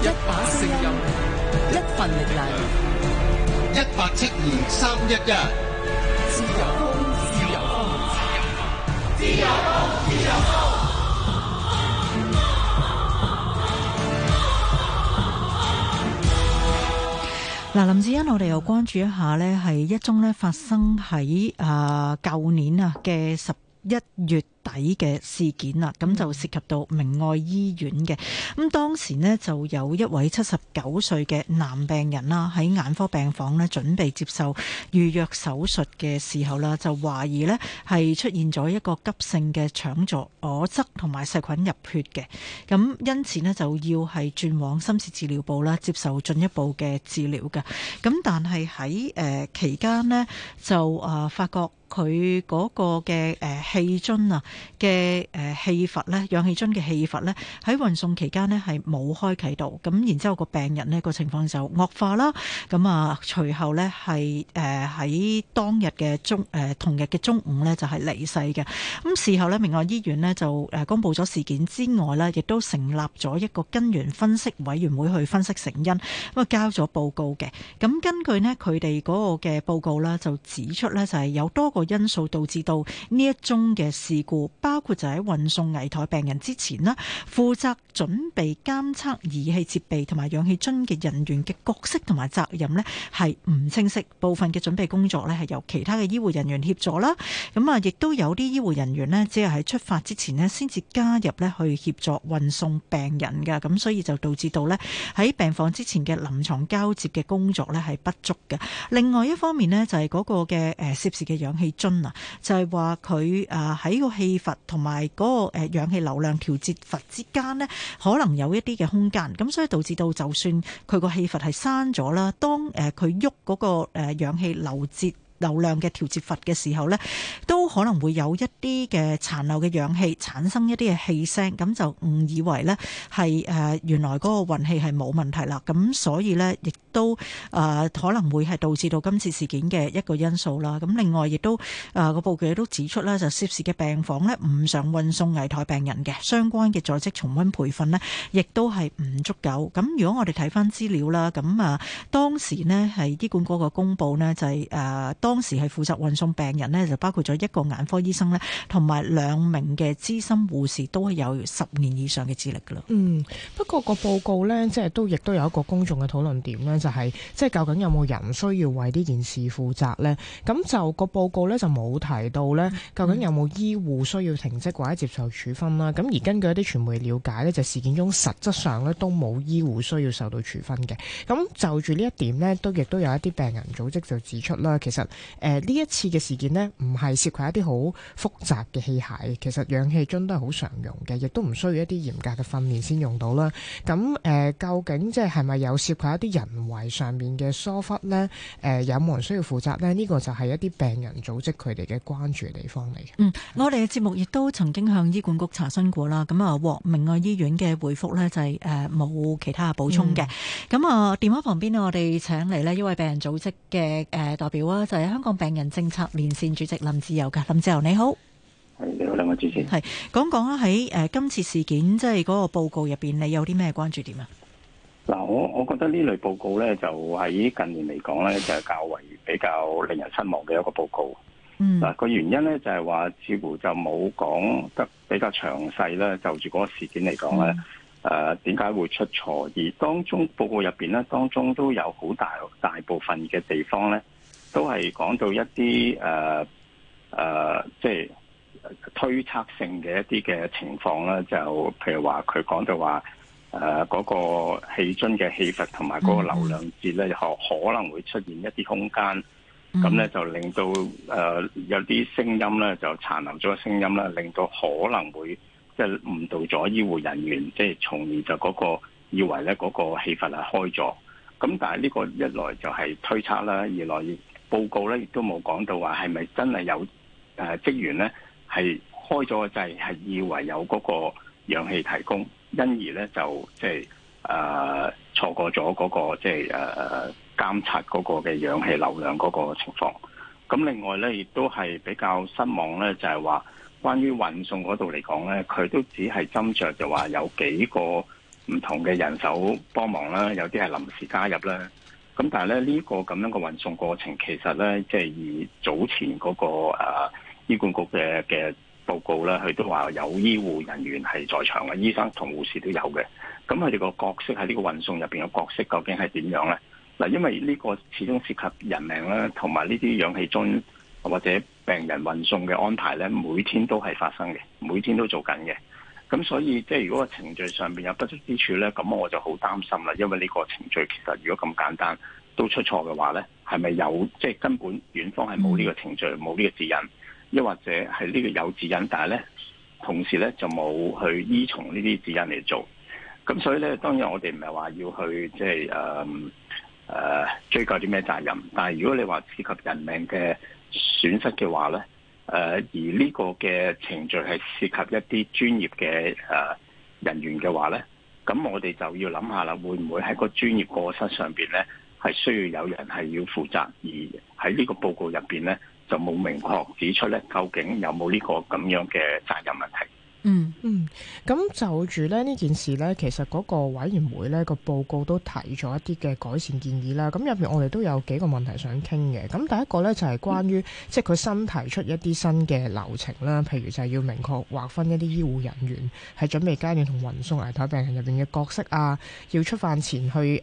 一把聲音，一份力量，一八七二三一一。自由風，自由風，自由風，自由風。嗱，林志釉，我哋又關注一下咧，係一宗咧發生喺啊舊年啊嘅十一月底嘅事件啦，咁就涉及到明愛醫院嘅。咁當時呢，就有一位七十九歲嘅男病人啦，喺眼科病房呢準備接受預約手術嘅時候啦，就懷疑呢係出現咗一個急性嘅腸阻阻塞同埋細菌入血嘅。咁因此呢，就要係轉往深切治療部啦，接受進一步嘅治療嘅。咁但係喺誒期間呢，就啊、呃、發覺佢嗰個嘅誒氣樽啊。呃嘅誒氣閥咧，氧氣樽嘅氣閥咧，喺運送期間呢，係冇開啟到，咁然之後個病人呢個情況就惡化啦，咁啊隨後呢，係誒喺當日嘅中誒同日嘅中午咧就係離世嘅，咁事後呢，明愛醫院呢，就誒公布咗事件之外呢，亦都成立咗一個根源分析委員會去分析成因，咁啊交咗報告嘅，咁根據呢，佢哋嗰個嘅報告啦，就指出呢，就係有多個因素導致到呢一宗嘅事故。包括就喺運送危殆病人之前啦，負責準備監測儀器設備同埋氧氣樽嘅人員嘅角色同埋責任咧係唔清晰，部分嘅準備工作咧係由其他嘅醫護人員協助啦。咁啊，亦都有啲醫護人員咧只係喺出發之前咧先至加入咧去協助運送病人噶。咁所以就導致到咧喺病房之前嘅臨床交接嘅工作咧係不足嘅。另外一方面咧就係嗰個嘅誒涉事嘅氧氣樽啊，就係話佢誒喺個氣。氣閥同埋嗰個誒氧氣流量調節閥之間呢，可能有一啲嘅空間，咁所以導致到就算佢個氣閥係閂咗啦，當誒佢喐嗰個誒氧氣流節流量嘅調節閥嘅時候咧，都可能會有一啲嘅殘留嘅氧氣產生一啲嘅氣聲，咁就誤以為咧係誒原來嗰個運氣係冇問題啦，咁所以咧亦都誒可能會係導致到今次事件嘅一個因素啦。咁另外亦都誒個報告亦都指出咧，就涉事嘅病房咧唔想運送危殆病人嘅，相關嘅在職重溫培訓咧亦都係唔足夠。咁如果我哋睇翻資料啦，咁啊當時咧係醫管局個公佈咧就係誒。當時係負責運送病人咧，就包括咗一個眼科醫生咧，同埋兩名嘅資深護士都係有十年以上嘅資歷噶啦。嗯，不過個報告呢，即係都亦都有一個公眾嘅討論點呢就係即係究竟有冇人需要為呢件事負責呢？咁就個報告呢，就冇提到呢，究竟有冇醫護需要停職或者接受處分啦？咁、嗯、而根據一啲傳媒了解呢就事件中實質上咧都冇醫護需要受到處分嘅。咁就住呢一點呢，都亦都有一啲病人組織就指出啦，其實。誒呢、呃、一次嘅事件呢，唔係涉及一啲好複雜嘅器械，其實氧氣樽都係好常用嘅，亦都唔需要一啲嚴格嘅訓練先用到啦。咁、嗯、誒、呃，究竟即係係咪有涉及一啲人為上面嘅疏忽呢？誒、呃，有冇人需要負責呢？呢、這個就係一啲病人組織佢哋嘅關注地方嚟嘅。嗯，我哋嘅節目亦都曾經向醫管局查詢過啦。咁、嗯、啊，獲明愛醫院嘅回覆呢，就係誒冇其他嘅補充嘅。咁啊，電話旁邊我哋請嚟呢一位病人組織嘅誒代表啊，就係、是。香港病人政策連線主席林志釉，噶，林志釉你好，係你好，兩位主持係講講啦，喺誒今次事件即係嗰個報告入邊，你有啲咩關注點啊？嗱，我我覺得呢類報告咧，就喺近年嚟講咧，就係、較為比較令人失望嘅一個報告。嗯，嗱個原因咧就係話，似乎就冇講得比較詳細咧，就住嗰個事件嚟講咧，誒點解會出錯？而當中報告入邊咧，當中都有好大大部分嘅地方咧。都係講到一啲誒誒，即、uh, 係、uh, 推測性嘅一啲嘅情況啦。就譬如話，佢講到話誒嗰個氣樽嘅氣閥同埋嗰個流量節咧，可可能會出現一啲空間。咁咧就令到誒、uh, 有啲聲音咧，就殘留咗個聲音啦，令到可能會即係、就是、誤導咗醫護人員，即、就、係、是、從而就嗰、那個以為咧嗰、那個氣閥係開咗。咁但係呢個一來就係推測啦，二來。報告咧亦都冇講到話係咪真係有誒職員咧係開咗個掣，係以為有嗰個氧氣提供，因而咧就即係誒錯過咗嗰個即係誒監察嗰個嘅氧氣流量嗰個情況。咁另外咧亦都係比較失望咧，就係話關於運送嗰度嚟講咧，佢都只係斟酌就話有幾個唔同嘅人手幫忙啦，有啲係臨時加入啦。咁但係咧呢個咁樣嘅運送過程，其實咧即係以早前嗰、那個誒、啊、醫管局嘅嘅報告咧，佢都話有醫護人員係在場嘅，醫生同護士都有嘅。咁佢哋個角色喺呢個運送入邊嘅角色，究竟係點樣咧？嗱，因為呢個始終涉及人命啦，同埋呢啲氧氣樽或者病人運送嘅安排咧，每天都係發生嘅，每天都做緊嘅。咁所以，即係如果個程序上邊有不足之處咧，咁我就好擔心啦。因為呢個程序其實如果咁簡單都出錯嘅話咧，係咪有即係、就是、根本院方係冇呢個程序，冇呢個指引，亦或者係呢個有指引，但係咧同時咧就冇去依從呢啲指引嚟做。咁所以咧，當然我哋唔係話要去即係誒誒追究啲咩責任，但係如果你話涉及人命嘅損失嘅話咧。誒而呢個嘅程序係涉及一啲專業嘅誒人員嘅話呢，咁我哋就要諗下啦，會唔會喺個專業過失上面呢，係需要有人係要負責，而喺呢個報告入面呢，就冇明確指出呢，究竟有冇呢個咁樣嘅責任問題？嗯嗯，咁、嗯、就住咧呢件事咧，其實嗰個委員會咧，這個報告都提咗一啲嘅改善建議啦。咁入邊我哋都有幾個問題想傾嘅。咁第一個咧就係、是、關於、嗯、即係佢新提出一啲新嘅流程啦，譬如就係要明確劃分一啲醫護人員喺準備階段同運送危殆病人入邊嘅角色啊，要出發前去誒檢、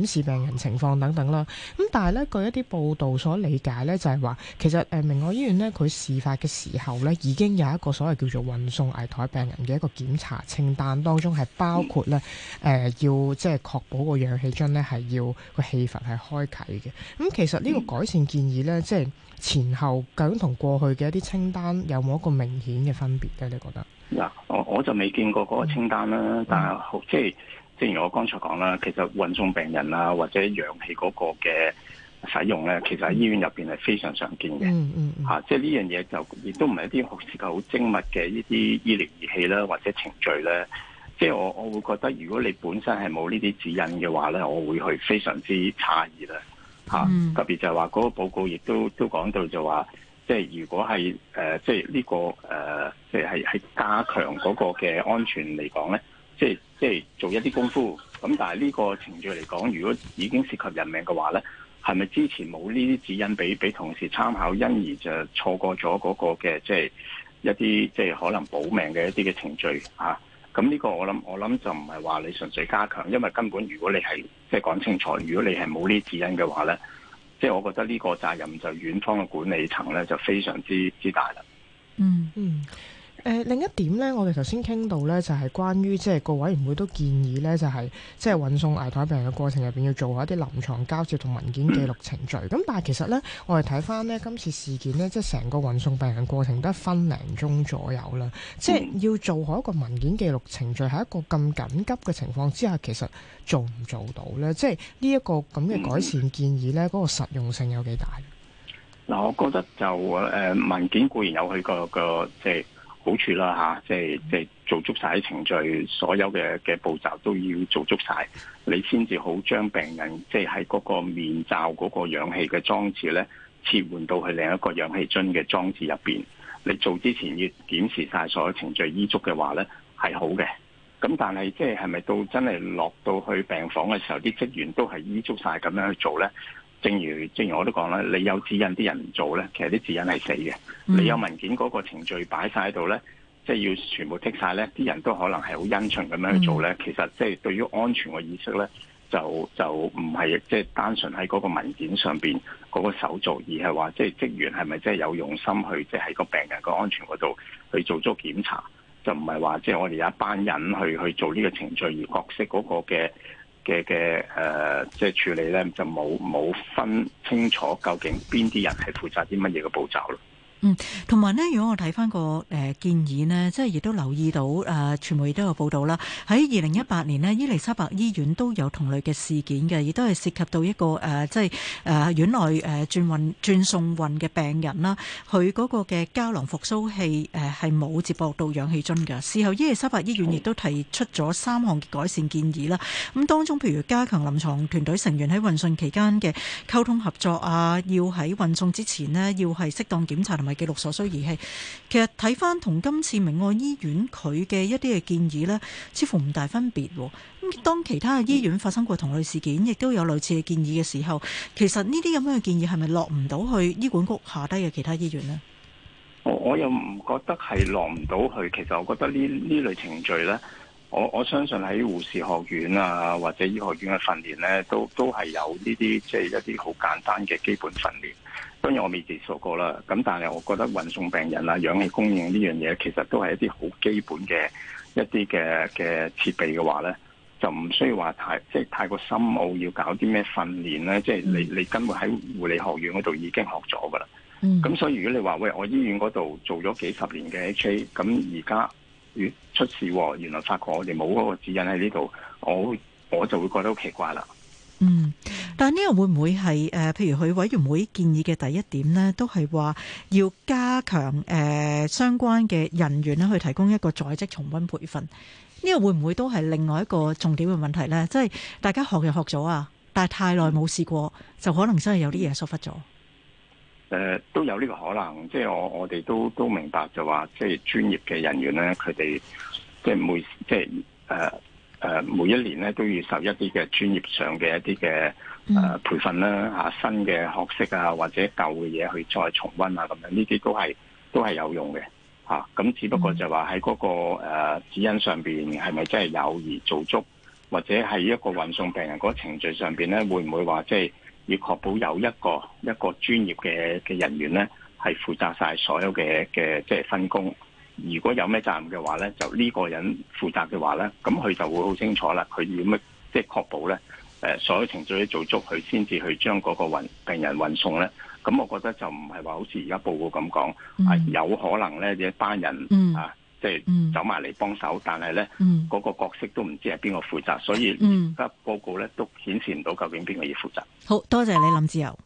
呃、視病人情況等等啦。咁但係咧據一啲報道所理解咧，就係、是、話其實誒、呃、明愛醫院咧佢事發嘅時候咧已經有一個所謂叫做運送危殆。病人嘅一個檢查清單當中係包括咧，誒、嗯呃，要即係確保個氧氣樽咧係要個氣閥係開啟嘅。咁、嗯、其實呢個改善建議咧，即係前後究竟同過去嘅一啲清單有冇一個明顯嘅分別嘅？你覺得？嗱，我我就未見過嗰個清單啦，但係好即係，正如我剛才講啦，其實運送病人啊，或者氧氣嗰個嘅。使用咧，其實喺醫院入邊係非常常見嘅嚇、嗯嗯啊。即係呢樣嘢就亦都唔係一啲好涉及好精密嘅呢啲醫療儀器啦，或者程序咧。即係我我會覺得，如果你本身係冇呢啲指引嘅話咧，我會去非常之詫異啦嚇。啊嗯、特別就係話嗰個報告亦都都講到就話，即係如果係誒、呃就是這個呃就是，即係呢個誒，即係係係加強嗰個嘅安全嚟講咧，即係即係做一啲功夫咁。但係呢個程序嚟講，如果已經涉及人命嘅話咧。係咪之前冇呢啲指引俾俾同事參考，因而就錯過咗嗰個嘅即係一啲即係可能保命嘅一啲嘅程序啊？咁呢個我諗我諗就唔係話你純粹加強，因為根本如果你係即係講清楚，如果你係冇呢啲指引嘅話咧，即係我覺得呢個責任就院方嘅管理層咧就非常之之大啦。嗯。嗯嗯。誒、呃、另一點咧，我哋頭先傾到咧，就係、是、關於即係個委員會都建議咧，就係、是、即係運送危殆病人嘅過程入邊要做一啲臨床交接同文件記錄程序。咁、嗯、但係其實咧，我哋睇翻呢，今次事件咧，即係成個運送病人過程都係分零鐘左右啦。即係要做好一個文件記錄程序喺一個咁緊急嘅情況之下，其實做唔做到咧？即係呢一個咁嘅改善建議咧，嗰、嗯、個實用性有幾大？嗱、嗯，我覺得就誒、呃、文件固然有佢個個,個即係。好處啦嚇，即係即係做足晒程序，所有嘅嘅步驟都要做足晒。你先至好將病人即係喺嗰個面罩嗰個氧氣嘅裝置咧，切換到去另一個氧氣樽嘅裝置入邊。你做之前要檢視晒所有程序，依足嘅話咧係好嘅。咁但係即係係咪到真係落到去病房嘅時候，啲職員都係依足晒咁樣去做咧？正如正如我都講啦，你有指引啲人唔做咧，其實啲指引係死嘅。嗯、你有文件嗰個程序擺晒喺度咧，即係要全部剔晒咧，啲人都可能係好殷勤咁樣去做咧。嗯、其實即係對於安全嘅意識咧，就就唔係，即係單純喺嗰個文件上邊嗰個手續，而係話即係職員係咪即係有用心去即係喺個病人個安全嗰度去做足檢查，就唔係話即係我哋有一班人去去做呢個程序而角色嗰個嘅。嘅嘅誒，即係、呃就是、處理咧，就冇冇分清楚究竟邊啲人係負責啲乜嘢嘅步驟咯。嗯，同埋呢，如果我睇翻個誒建議呢，即係亦都留意到誒、呃、傳媒都有報道啦。喺二零一八年呢，伊利沙伯醫院都有同類嘅事件嘅，亦都係涉及到一個誒、呃，即係誒、呃、院內誒轉運轉送運嘅病人啦。佢嗰個嘅膠囊復蘇器誒係冇接駁到氧氣樽㗎。事後伊利沙伯醫院亦都提出咗三項改善建議啦。咁、啊、當中譬如加強臨床團隊成員喺運送期間嘅溝通合作啊，要喺運送之前呢，要係適當檢查同，係記錄所需儀器，其實睇返同今次明愛醫院佢嘅一啲嘅建議呢，似乎唔大分別，哦。咁當其他嘅醫院發生過同類事件，亦都有類似嘅建議嘅時候，其實呢啲咁樣嘅建議係咪落唔到去醫管局下低嘅其他醫院呢？我又唔覺得係落唔到去。其實我覺得呢呢類程序呢。我我相信喺護士學院啊，或者醫學院嘅訓練咧，都都係有呢啲即係一啲好簡單嘅基本訓練。當然我未接受過啦，咁但係我覺得運送病人啊、氧氣供應呢樣嘢，其實都係一啲好基本嘅一啲嘅嘅設備嘅話咧，就唔需要話太即係、就是、太過深奧，要搞啲咩訓練咧。即、就、係、是、你你根本喺護理學院嗰度已經學咗噶啦。咁所以如果你話喂我醫院嗰度做咗幾十年嘅 HA，咁而家，出事，原來發覺我哋冇嗰個指引喺呢度，我我就會覺得好奇怪啦。嗯，但係呢個會唔會係誒，譬如佢委員會建議嘅第一點呢，都係話要加強誒、呃、相關嘅人員呢去提供一個在職重温培訓。呢、這個會唔會都係另外一個重點嘅問題呢？即係大家學又學咗啊，但係太耐冇試過，就可能真係有啲嘢疏忽咗。誒，都有呢個可能，即係我我哋都都明白就話、就是，即係專業嘅人員咧，佢哋即係每即係誒誒，每一年咧都要受一啲嘅專業上嘅一啲嘅誒培訓啦，吓、嗯、新嘅學識啊，或者舊嘅嘢去再重溫啊，咁樣呢啲都係都係有用嘅，吓咁只不過就話喺嗰個誒指引上邊係咪真係有而做足，或者係一個運送病人嗰程序上邊咧，會唔會話即係？要確保有一個一個專業嘅嘅人員咧，係負責晒所有嘅嘅即係分工。如果有咩責任嘅話咧，由呢個人負責嘅話咧，咁佢就會好清楚啦。佢要咩即係確保咧？誒，所有程序都做足，佢先至去將嗰個運病人運送咧。咁我覺得就唔係話好似而家報告咁講，啊、嗯、有可能咧一班人、嗯、啊。即係、嗯、走埋嚟幫手，但係呢嗰個角色都唔知係邊個負責，所以而家報告咧都顯示唔到究竟邊個要負責。好多謝你，林志釉。